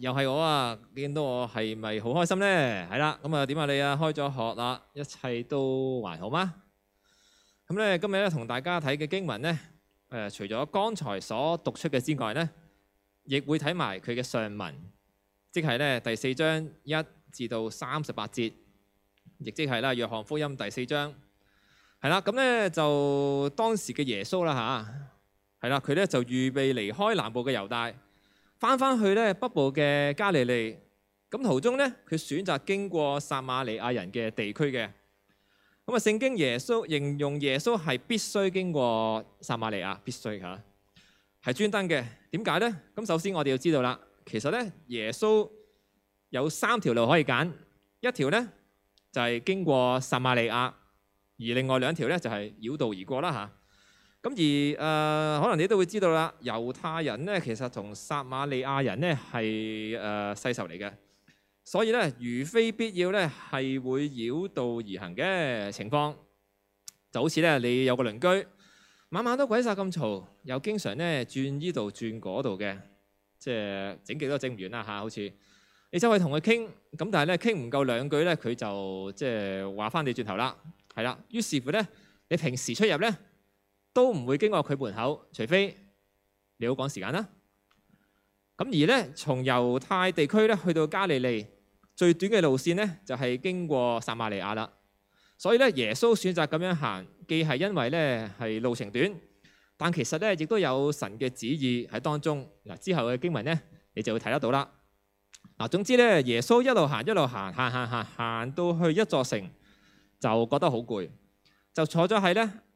又係我啊！見到我係咪好開心呢？係啦，咁啊點啊你啊開咗學啦，一切都還好嗎？咁咧今日咧同大家睇嘅經文呢，誒、呃、除咗剛才所讀出嘅之外呢，亦會睇埋佢嘅上文，即係咧第四章一至到三十八節，亦即係啦約翰福音第四章，係啦咁咧就當時嘅耶穌啦嚇，係啦佢咧就預備離開南部嘅猶大。翻翻去咧北部嘅加利利，咁途中咧佢選擇經過撒瑪利亞人嘅地區嘅，咁啊聖經耶穌形容耶穌係必須經過撒瑪利亞，必須嚇，係專登嘅。點解咧？咁首先我哋要知道啦，其實咧耶穌有三條路可以揀，一條咧就係經過撒瑪利亞，而另外兩條咧就係繞道而過啦嚇。咁而誒、呃，可能你都會知道啦。猶太人咧，其實同撒瑪利亞人咧係誒世仇嚟嘅，所以咧如非必要咧係會繞道而行嘅情況，就好似咧你有個鄰居晚晚都鬼殺咁嘈，又經常咧轉依度轉嗰度嘅，即係整幾多整唔完啦嚇、啊。好似你就可以同佢傾咁，但係咧傾唔夠兩句咧，佢就即係話返你轉頭啦，係啦。於是乎咧，你平時出入咧。都唔會經過佢門口，除非你好趕時間啦、啊。咁而呢，從猶太地區咧去到加利利，最短嘅路線呢，就係、是、經過撒瑪尼亞啦。所以咧，耶穌選擇咁樣行，既係因為咧係路程短，但其實咧亦都有神嘅旨意喺當中。嗱，之後嘅經文呢，你就會睇得到啦。嗱，總之咧，耶穌一路行一路行行行行，行到去一座城，就覺得好攰，就坐咗喺呢。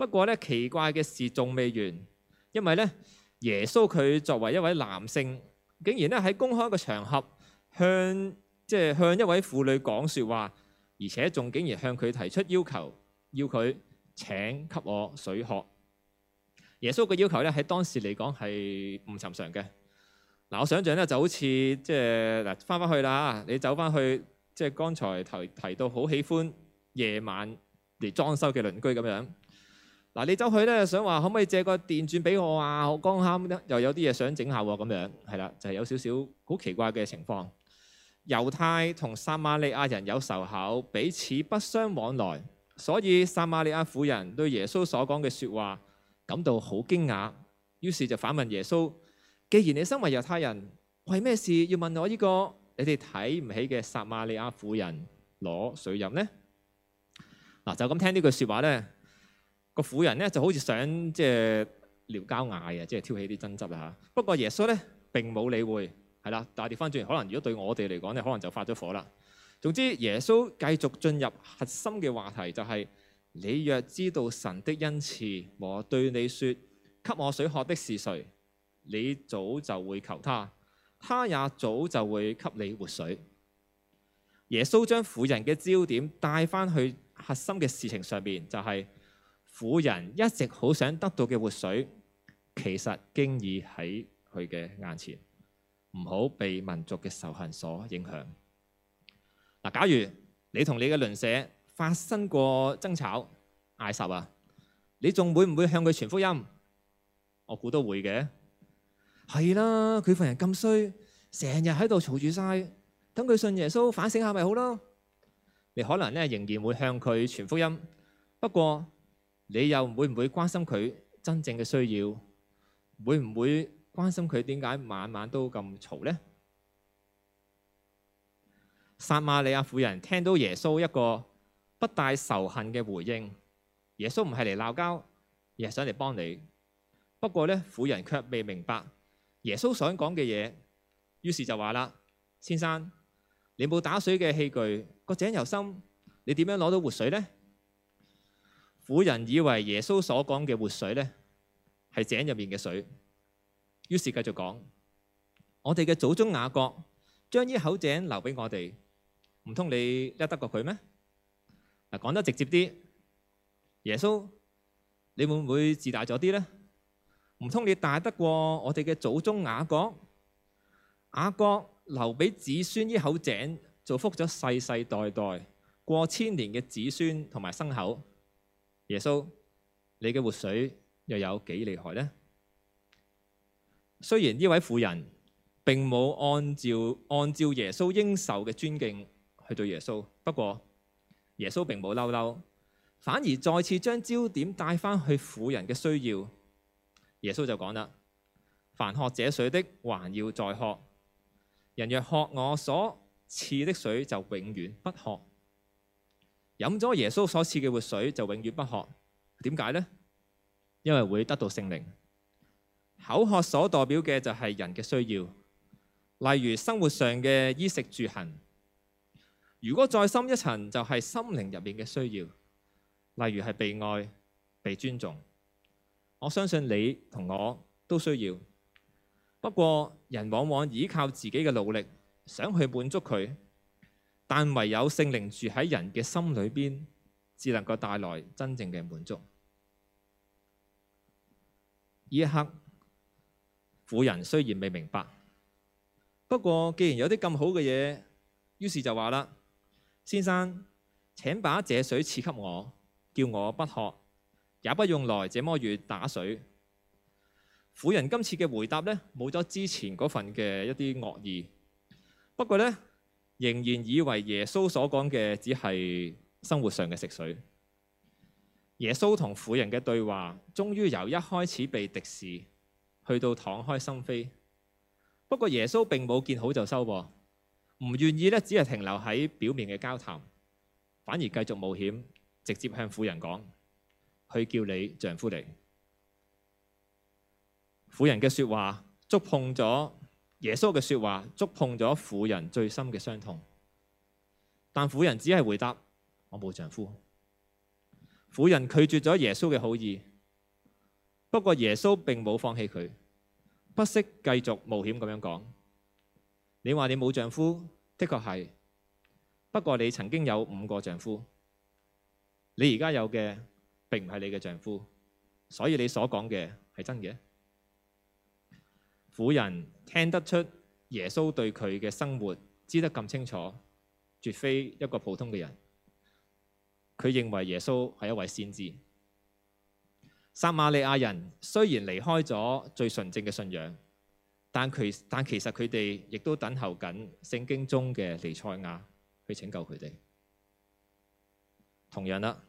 不過咧，奇怪嘅事仲未完，因為咧，耶穌佢作為一位男性，竟然咧喺公開嘅場合向即係向一位婦女講説話，而且仲竟然向佢提出要求，要佢請給我水喝。耶穌嘅要求咧喺當時嚟講係唔尋常嘅。嗱，我想象咧就好似即係嗱，返返去啦嚇，你走返去即係剛才提提到好喜歡夜晚嚟裝修嘅鄰居咁樣。嗱，你走去咧，想話可唔可以借個電鑽俾我啊？我剛啱又有啲嘢想整下喎、啊，咁樣係啦，就係、係、有少少好奇怪嘅情況。猶太同撒瑪利亞人有仇口，彼此不相往來，所以撒瑪利亞婦人對耶穌所講嘅說話感到好驚訝，於是就反問耶穌：既然你身為猶太人，為咩事要問我呢個你哋睇唔起嘅撒瑪利亞婦人攞水飲呢？嗱，就咁聽呢句說話咧。個婦人咧就好似想即係撩交嗌啊，即係挑起啲爭執啦吓。不過耶穌咧並冇理會，係啦，但係調翻轉，可能如果對我哋嚟講咧，可能就發咗火啦。總之，耶穌繼續進入核心嘅話題，就是，就係你若知道神的恩賜，和對你說，給我水喝的是誰，你早就會求他，他也早就會給你活水。耶穌將婦人嘅焦點帶翻去核心嘅事情上面，就係，是，婦人一直好想得到嘅活水，其實經已喺佢嘅眼前，唔好被民族嘅仇恨所影響嗱。假如你同你嘅鄰舍發生過爭吵嗌實啊，你仲會唔會向佢傳福音？我估都會嘅，係啦。佢份人咁衰，成日喺度嘈住晒，等佢信耶穌反省下咪好咯。你可能咧仍然會向佢傳福音，不過。你又會唔會關心佢真正嘅需要？會唔會關心佢點解晚晚都咁嘈呢？撒瑪利亞婦人聽到耶穌一個不帶仇恨嘅回應，耶穌唔係嚟鬧交，而係想嚟幫你。不過呢，婦人卻未明白耶穌想講嘅嘢，於是就話啦：先生，你冇打水嘅器具，個井又深，你點樣攞到活水呢？古人以為耶穌所講嘅活水呢，係井入面嘅水。於是繼續講：我哋嘅祖宗雅各將呢口井留俾我哋，唔通你叻得過佢咩？嗱，講得直接啲，耶穌，你會唔會自大咗啲呢？唔通你大得過我哋嘅祖宗雅各？雅各留俾子孫呢口井，造福咗世世代代、過千年嘅子孫同埋牲口。耶穌，你嘅活水又有幾厲害呢？雖然呢位婦人並冇按照按照耶穌應受嘅尊敬去對耶穌，不過耶穌並冇嬲嬲，反而再次將焦點帶翻去婦人嘅需要。耶穌就講啦：凡喝這水的，還要再渴；人若喝我所賜的水，就永遠不渴。飲咗耶穌所賜嘅活水就永遠不渴，點解呢？因為會得到聖靈。口渴所代表嘅就係人嘅需要，例如生活上嘅衣食住行。如果再深一層，就係心靈入面嘅需要，例如係被愛、被尊重。我相信你同我都需要，不過人往往依靠自己嘅努力，想去滿足佢。但唯有聖靈住喺人嘅心裏邊，至能夠帶來真正嘅滿足。呢一刻，婦人雖然未明白，不過既然有啲咁好嘅嘢，於是就話啦：先生，請把這水賜給我，叫我不渴，也不用來這麼遠打水。婦人今次嘅回答呢，冇咗之前嗰份嘅一啲惡意，不過呢，仍然以為耶穌所講嘅只係生活上嘅食水。耶穌同婦人嘅對話，終於由一開始被敵視，去到敞開心扉。不過耶穌並冇見好就收噃，唔願意咧，只係停留喺表面嘅交談，反而繼續冒險，直接向婦人講，去叫你丈夫嚟。婦人嘅說話觸碰咗。耶穌嘅說話觸碰咗婦人最深嘅傷痛，但婦人只係回答：我冇丈夫。婦人拒絕咗耶穌嘅好意，不過耶穌並冇放棄佢，不惜繼續冒險咁樣講：你話你冇丈夫，的確係。不過你曾經有五個丈夫，你而家有嘅並唔係你嘅丈夫，所以你所講嘅係真嘅。婦人聽得出耶穌對佢嘅生活知得咁清楚，絕非一個普通嘅人。佢認為耶穌係一位先知。撒瑪利亞人雖然離開咗最純正嘅信仰，但佢但其實佢哋亦都等候緊聖經中嘅彌賽亞去拯救佢哋。同樣啦，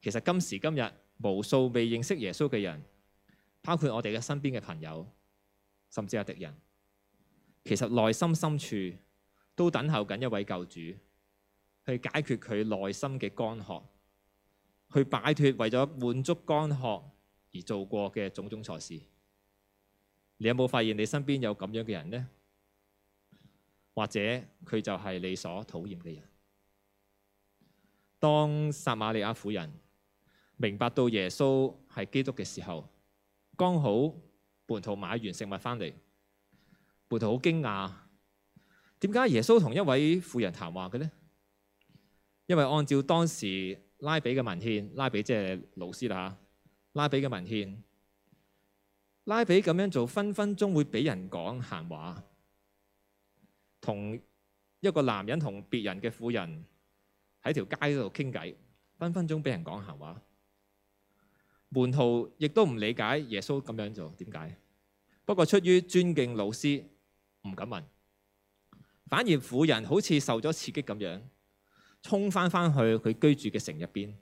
其實今時今日無數未認識耶穌嘅人，包括我哋嘅身邊嘅朋友。甚至係敵人，其實內心深處都等候緊一位救主，去解決佢內心嘅乾渴，去擺脫為咗滿足乾渴而做過嘅種種錯事。你有冇發現你身邊有咁樣嘅人呢？或者佢就係你所討厭嘅人。當撒瑪利亞婦人明白到耶穌係基督嘅時候，剛好。門徒買完食物翻嚟，門徒好驚訝，點解耶穌同一位婦人談話嘅呢？因為按照當時拉比嘅文獻，拉比即係老師啦吓，拉比嘅文獻，拉比咁樣做分分鐘會俾人講閒話，同一個男人同別人嘅婦人喺條街度傾偈，分分鐘俾人講閒話。門徒亦都唔理解耶穌咁樣做點解？不過出於尊敬老師，唔敢問。反而婦人好似受咗刺激咁樣，衝返返去佢居住嘅城入邊。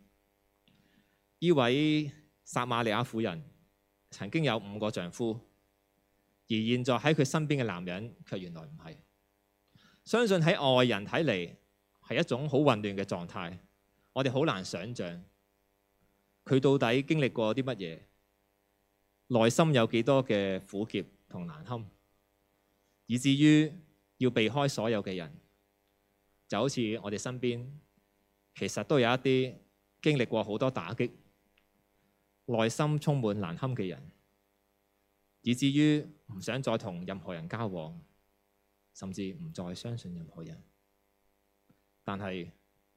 呢位撒瑪利亞婦人曾經有五個丈夫，而現在喺佢身邊嘅男人卻原來唔係。相信喺外人睇嚟係一種好混亂嘅狀態，我哋好難想象。佢到底經歷過啲乜嘢？內心有幾多嘅苦澀同難堪，以至於要避開所有嘅人，就好似我哋身邊其實都有一啲經歷過好多打擊，內心充滿難堪嘅人，以至於唔想再同任何人交往，甚至唔再相信任何人。但係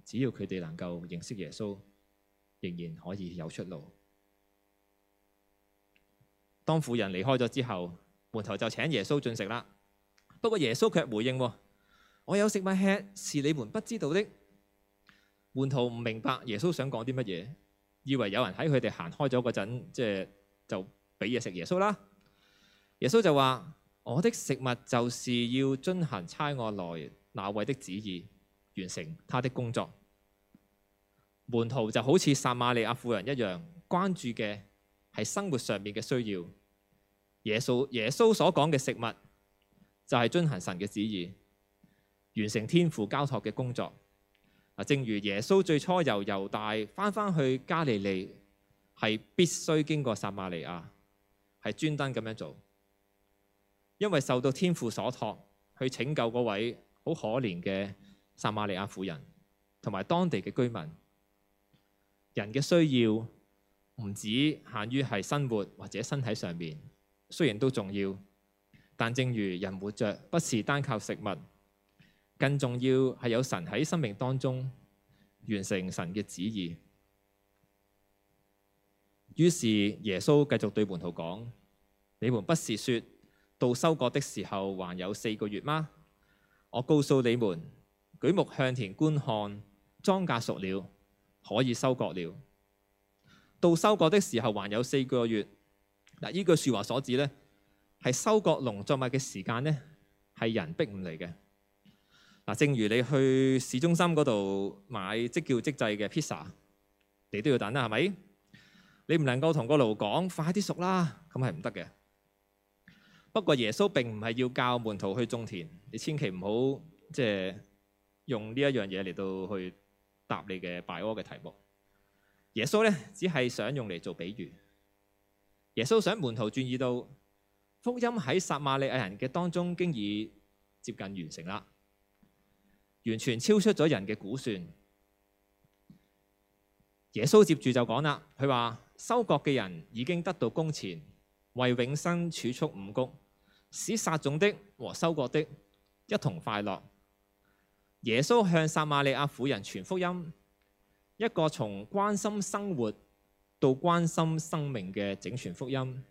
只要佢哋能夠認識耶穌。仍然可以有出路。當婦人離開咗之後，門徒就請耶穌進食啦。不過耶穌卻回應：我有食物吃，是你們不知道的。門徒唔明白耶穌想講啲乜嘢，以為有人喺佢哋行開咗嗰陣，即係就俾嘢食吃耶穌啦。耶穌就話：我的食物就是要遵行差我來那位的旨意，完成他的工作。門徒就好似撒瑪利亞婦人一樣，關注嘅係生活上面嘅需要。耶穌耶穌所講嘅食物就係遵行神嘅旨意，完成天父交託嘅工作。正如耶穌最初由猶大翻返去加利利，係必須經過撒瑪利亞，係專登咁樣做，因為受到天父所託去拯救嗰位好可憐嘅撒瑪利亞婦人同埋當地嘅居民。人嘅需要唔止限於係生活或者身體上面，雖然都重要，但正如人活着不是單靠食物，更重要係有神喺生命當中完成神嘅旨意。於是耶穌繼續對門徒講：你們不是說到收割的時候還有四個月嗎？我告訴你們，舉目向田觀看，莊稼熟了。可以收割了。到收割的時候還有四個月。嗱，依句説話所指咧，係收割農作物嘅時間咧，係人逼唔嚟嘅。嗱，正如你去市中心嗰度買即叫即製嘅披薩，你都要等啦，係咪？你唔能夠同個爐講快啲熟啦，咁係唔得嘅。不過耶穌並唔係要教門徒去種田，你千祈唔好即係用呢一樣嘢嚟到去。答你嘅拜厄嘅題目，耶穌呢只係想用嚟做比喻。耶穌想門徒轉移到福音喺撒瑪利亞人嘅當中，經已接近完成啦，完全超出咗人嘅估算。耶穌接住就講啦，佢話收割嘅人已經得到工錢，為永生儲蓄五穀，使撒種的和收割的一同快樂。耶穌向撒瑪利亞婦人傳福音，一個從關心生活到關心生命嘅整全福音。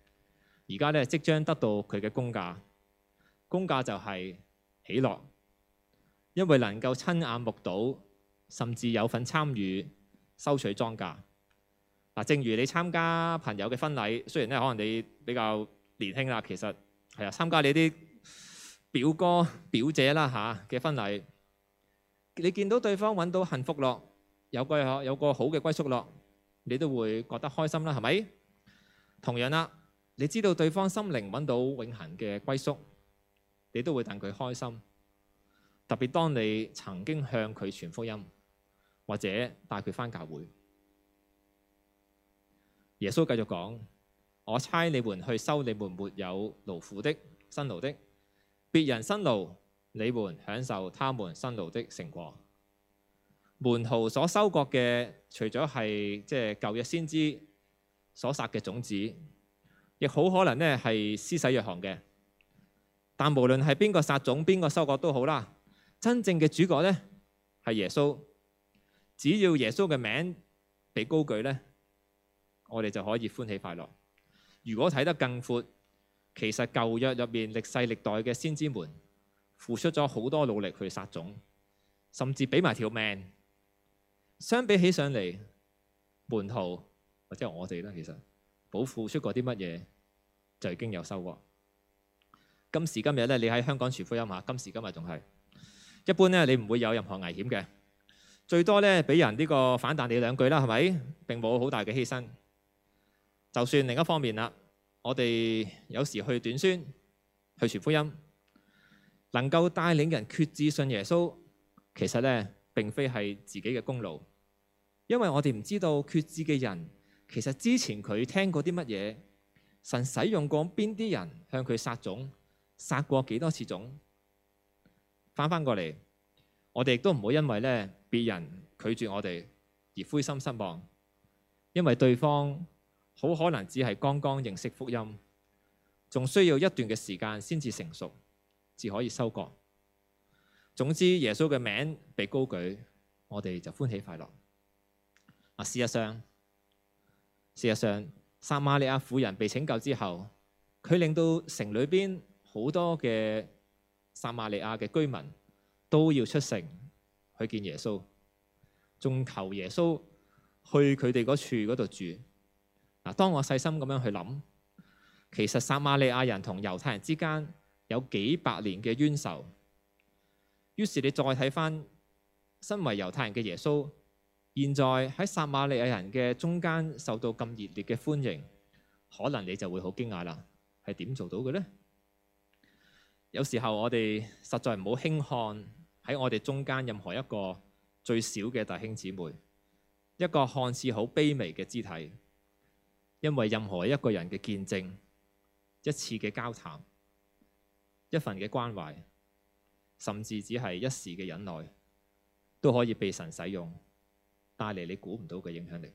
而家咧，即將得到佢嘅工價，工價就係喜樂，因為能夠親眼目睹，甚至有份參與收取莊稼。嗱，正如你參加朋友嘅婚禮，雖然咧可能你比較年輕啦，其實係啊參加你啲表哥表姐啦吓嘅婚禮。你見到對方揾到幸福咯，有個有個好嘅歸宿咯，你都會覺得開心啦，係咪？同樣啦，你知道對方心靈揾到永恒嘅歸宿，你都會戥佢開心。特別當你曾經向佢傳福音，或者帶佢返教會，耶穌繼續講：我差你們去收你們沒有勞苦的辛勞的，別人辛勞。你們享受他們辛勞的成果。門徒所收割嘅，除咗係即係舊約先知所撒嘅種子，亦好可能咧係施洗約翰嘅。但無論係邊個撒種、邊個收割都好啦。真正嘅主角呢，係耶穌。只要耶穌嘅名被高舉呢，我哋就可以歡喜快樂。如果睇得更闊，其實舊約入面歷世歷代嘅先知們。付出咗好多努力去撒種，甚至俾埋條命。相比起上嚟，門徒或者我哋咧，其實冇付出過啲乜嘢，就已經有收穫。今時今日咧，你喺香港傳福音啊，今時今日仲係一般咧，你唔會有任何危險嘅，最多咧俾人呢個反彈你兩句啦，係咪？並冇好大嘅犧牲。就算另一方面啦，我哋有時去短宣，去傳福音。能夠帶領人決志信耶穌，其實咧並非係自己嘅功勞，因為我哋唔知道決志嘅人其實之前佢聽過啲乜嘢，神使用過邊啲人向佢撒種，撒過幾多次種。翻翻過嚟，我哋亦都唔好因為咧別人拒絕我哋而灰心失望，因為對方好可能只係剛剛認識福音，仲需要一段嘅時間先至成熟。至可以收割。總之，耶穌嘅名被高舉，我哋就歡喜快樂。啊，事實上，事實上，撒瑪利亞婦人被拯救之後，佢令到城裏邊好多嘅撒瑪利亞嘅居民都要出城去見耶穌，仲求耶穌去佢哋嗰處嗰度住。嗱，當我細心咁樣去諗，其實撒瑪利亞人同猶太人之間。有幾百年嘅冤仇，於是你再睇翻身為猶太人嘅耶穌，現在喺撒瑪利亞人嘅中間受到咁熱烈嘅歡迎，可能你就會好驚訝啦。係點做到嘅呢？有時候我哋實在唔好輕看喺我哋中間任何一個最小嘅弟兄姊妹，一個看似好卑微嘅肢體，因為任何一個人嘅見證，一次嘅交談。一份嘅關懷，甚至只係一時嘅忍耐，都可以被神使用，帶嚟你估唔到嘅影響力。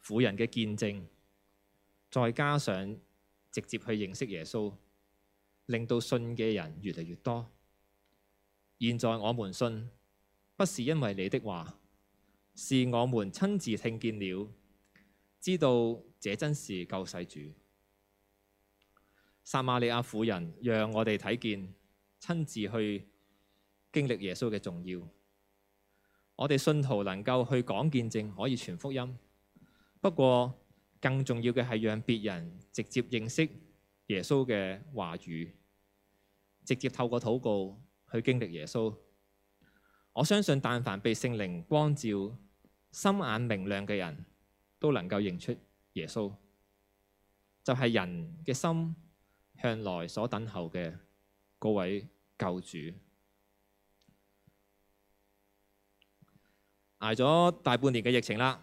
婦人嘅見證，再加上直接去認識耶穌，令到信嘅人越嚟越多。現在我們信，不是因為你的話，是我們親自聽見了，知道這真是救世主。撒瑪利亞婦人，讓我哋睇見親自去經歷耶穌嘅重要。我哋信徒能夠去講見證，可以傳福音。不過更重要嘅係讓別人直接認識耶穌嘅話語，直接透過禱告去經歷耶穌。我相信，但凡被聖靈光照、心眼明亮嘅人都能夠認出耶穌，就係人嘅心。向來所等候嘅各位救主，挨咗大半年嘅疫情啦，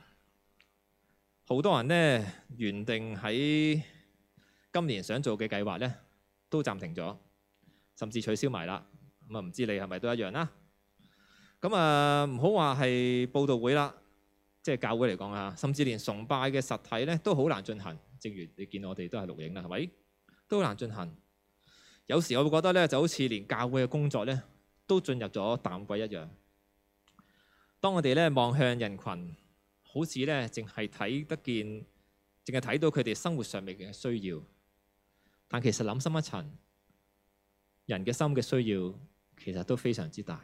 好多人呢，原定喺今年想做嘅計劃咧都暫停咗，甚至取消埋啦。咁啊，唔知你係咪都一樣啦？咁啊，唔好話係佈道會啦，即係教會嚟講啊，甚至連崇拜嘅實體咧都好難進行。正如你見我哋都係錄影啦，係咪？都難進行，有時我會覺得咧，就好似連教會嘅工作咧，都進入咗淡季一樣。當我哋咧望向人群，好似咧淨係睇得見，淨係睇到佢哋生活上面嘅需要，但其實諗深一層，人嘅心嘅需要其實都非常之大。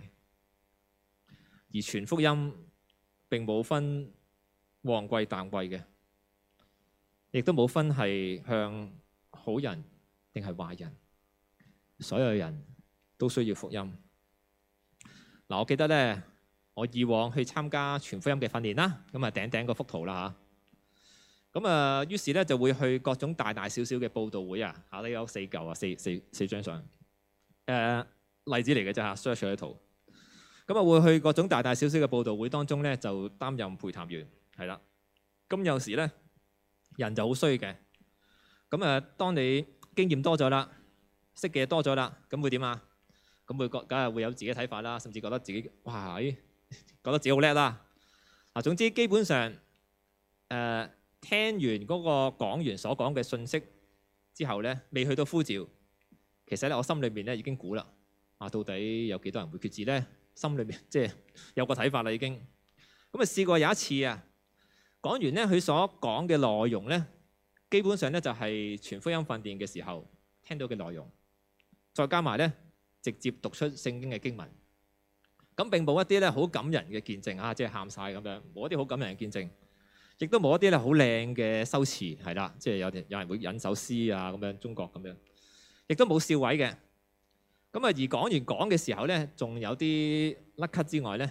而全福音並冇分旺季淡季嘅，亦都冇分係向好人，定係壞人，所有人都需要福音嗱、啊。我記得咧，我以往去參加全福音嘅訓練啦，咁啊頂頂個幅圖啦吓，咁啊，於是咧就會去各種大大小小嘅報道會啊，下底有四嚿啊，這個、四四四，四張相誒、啊、例子嚟嘅啫嚇 search 嗰啲圖咁啊，那會去各種大大小小嘅報道會當中咧，就擔任陪談員係啦。咁有時咧人就好衰嘅，咁啊，當你。經驗多咗啦，識嘅嘢多咗啦，咁會點啊？咁會覺梗係會有自己睇法啦，甚至覺得自己哇，覺得自己好叻啦。嗱，總之基本上誒，聽完嗰個講員所講嘅信息之後咧，未去到呼召，其實咧我心裏面咧已經估啦，啊，到底有幾多人會決志咧？心裏面即係有個睇法啦，已經。咁啊試過有一次啊，講完咧佢所講嘅內容咧。基本上咧就係全福音訓練嘅時候聽到嘅內容，再加埋咧直接讀出聖經嘅經文，咁並冇一啲咧好感人嘅見證啊，即係喊曬咁樣，冇一啲好感人嘅見證，亦都冇一啲咧好靚嘅修辭係啦，即係有有人會引首詩啊咁樣，中國咁樣，亦都冇笑位嘅。咁啊而講完講嘅時候咧，仲有啲甩咳之外咧，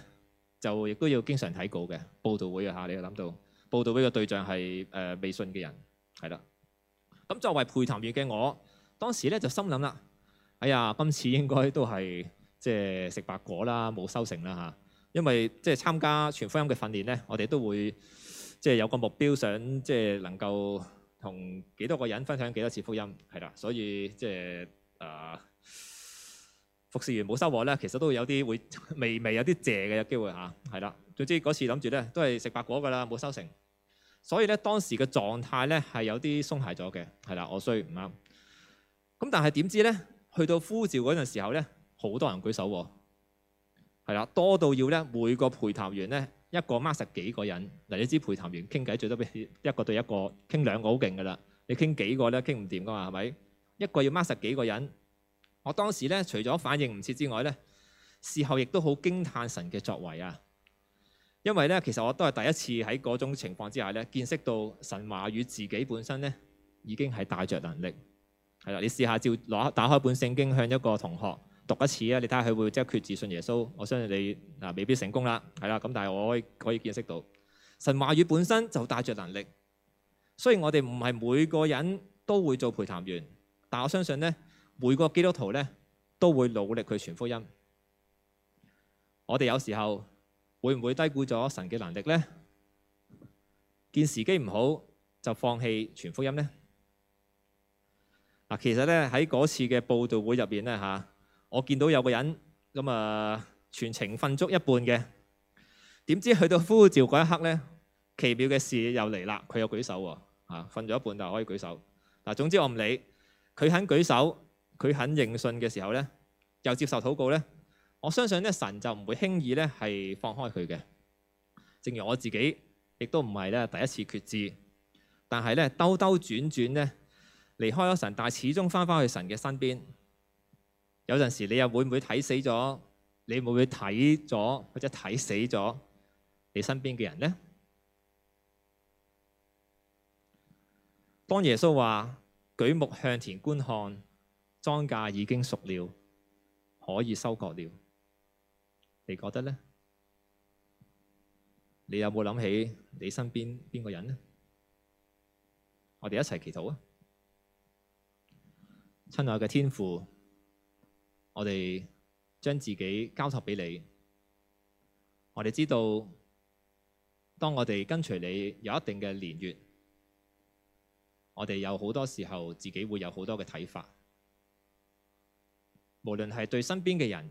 就亦都要經常睇稿嘅，報道會啊嚇，你又諗到報道會嘅對象係誒未信嘅人。係啦，咁作為陪談員嘅我，當時咧就心諗啦，哎呀，今次應該都係即係食白果啦，冇收成啦嚇！因為即係參加傳福音嘅訓練咧，我哋都會即係有個目標想，想即係能夠同幾多個人分享幾多次福音，係啦，所以即係啊、呃、服侍完冇收穫咧，其實都會有啲會微微有啲謝嘅機會嚇，係啦。總之嗰次諗住咧，都係食白果㗎啦，冇收成。所以咧，當時嘅狀態咧係有啲鬆懈咗嘅，係啦，我雖然唔啱。咁但係點知咧，去到呼召嗰陣時候咧，好多人舉手喎，係啦，多到要咧每個陪談員咧一個掹十幾個人。嗱，你知陪談員傾偈最多俾一個對一個傾兩個好勁噶啦，你傾幾個咧傾唔掂噶嘛，係咪？一個要掹十幾個人，我當時咧除咗反應唔切之外咧，事後亦都好驚歎神嘅作為啊！因為咧，其實我都係第一次喺嗰種情況之下咧，見識到神話語自己本身咧已經係帶著能力，係啦。你試下照攞打開本聖經向一個同學讀一次啊，你睇下佢會即刻決志信耶穌。我相信你嗱未必成功啦，係啦。咁但係我可以可以見識到神話語本身就帶著能力。雖然我哋唔係每個人都會做陪談員，但我相信咧每個基督徒咧都會努力去傳福音。我哋有時候，會唔會低估咗神嘅能力咧？見時機唔好就放棄傳福音咧？嗱，其實咧喺嗰次嘅佈道會入邊咧吓，我見到有個人咁啊，全程瞓足一半嘅，點知去到呼召嗰一刻咧，奇妙嘅事又嚟啦，佢又舉手喎，吓，瞓咗一半但係可以舉手。嗱，總之我唔理，佢肯舉手，佢肯應信嘅時候咧，又接受禱告咧。我相信咧，神就唔會輕易咧係放開佢嘅。正如我自己亦都唔係咧第一次決志，但係咧兜兜轉轉咧離開咗神，但係始終翻返去神嘅身邊。有陣時你又會唔會睇死咗？你會唔會睇咗或者睇死咗你身邊嘅人呢？當耶穌話舉目向田觀看，莊稼已經熟了，可以收割了。你覺得呢？你有冇諗起你身邊邊個人呢？我哋一齊祈禱啊！親愛嘅天父，我哋將自己交託畀你。我哋知道，當我哋跟隨你有一定嘅年月，我哋有好多時候自己會有好多嘅睇法，無論係對身邊嘅人。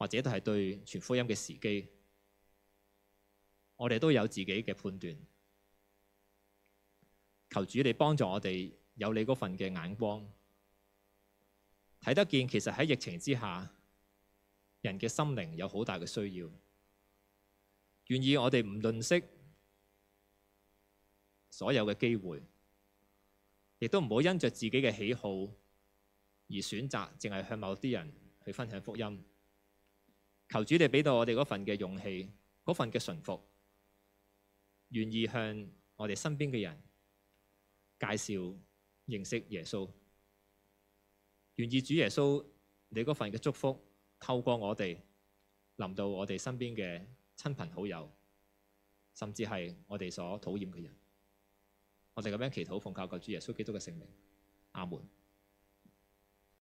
或者都係對傳福音嘅時機，我哋都有自己嘅判斷。求主你幫助我哋有你嗰份嘅眼光，睇得見其實喺疫情之下，人嘅心靈有好大嘅需要，願意我哋唔吝惜所有嘅機會，亦都唔好因着自己嘅喜好而選擇，淨係向某啲人去分享福音。求主你畀到我哋嗰份嘅勇氣，嗰份嘅順服，願意向我哋身邊嘅人介紹認識耶穌，願意主耶穌你嗰份嘅祝福透過我哋臨到我哋身邊嘅親朋好友，甚至係我哋所討厭嘅人，我哋咁樣祈禱奉靠救主耶穌基督嘅聖名，阿門。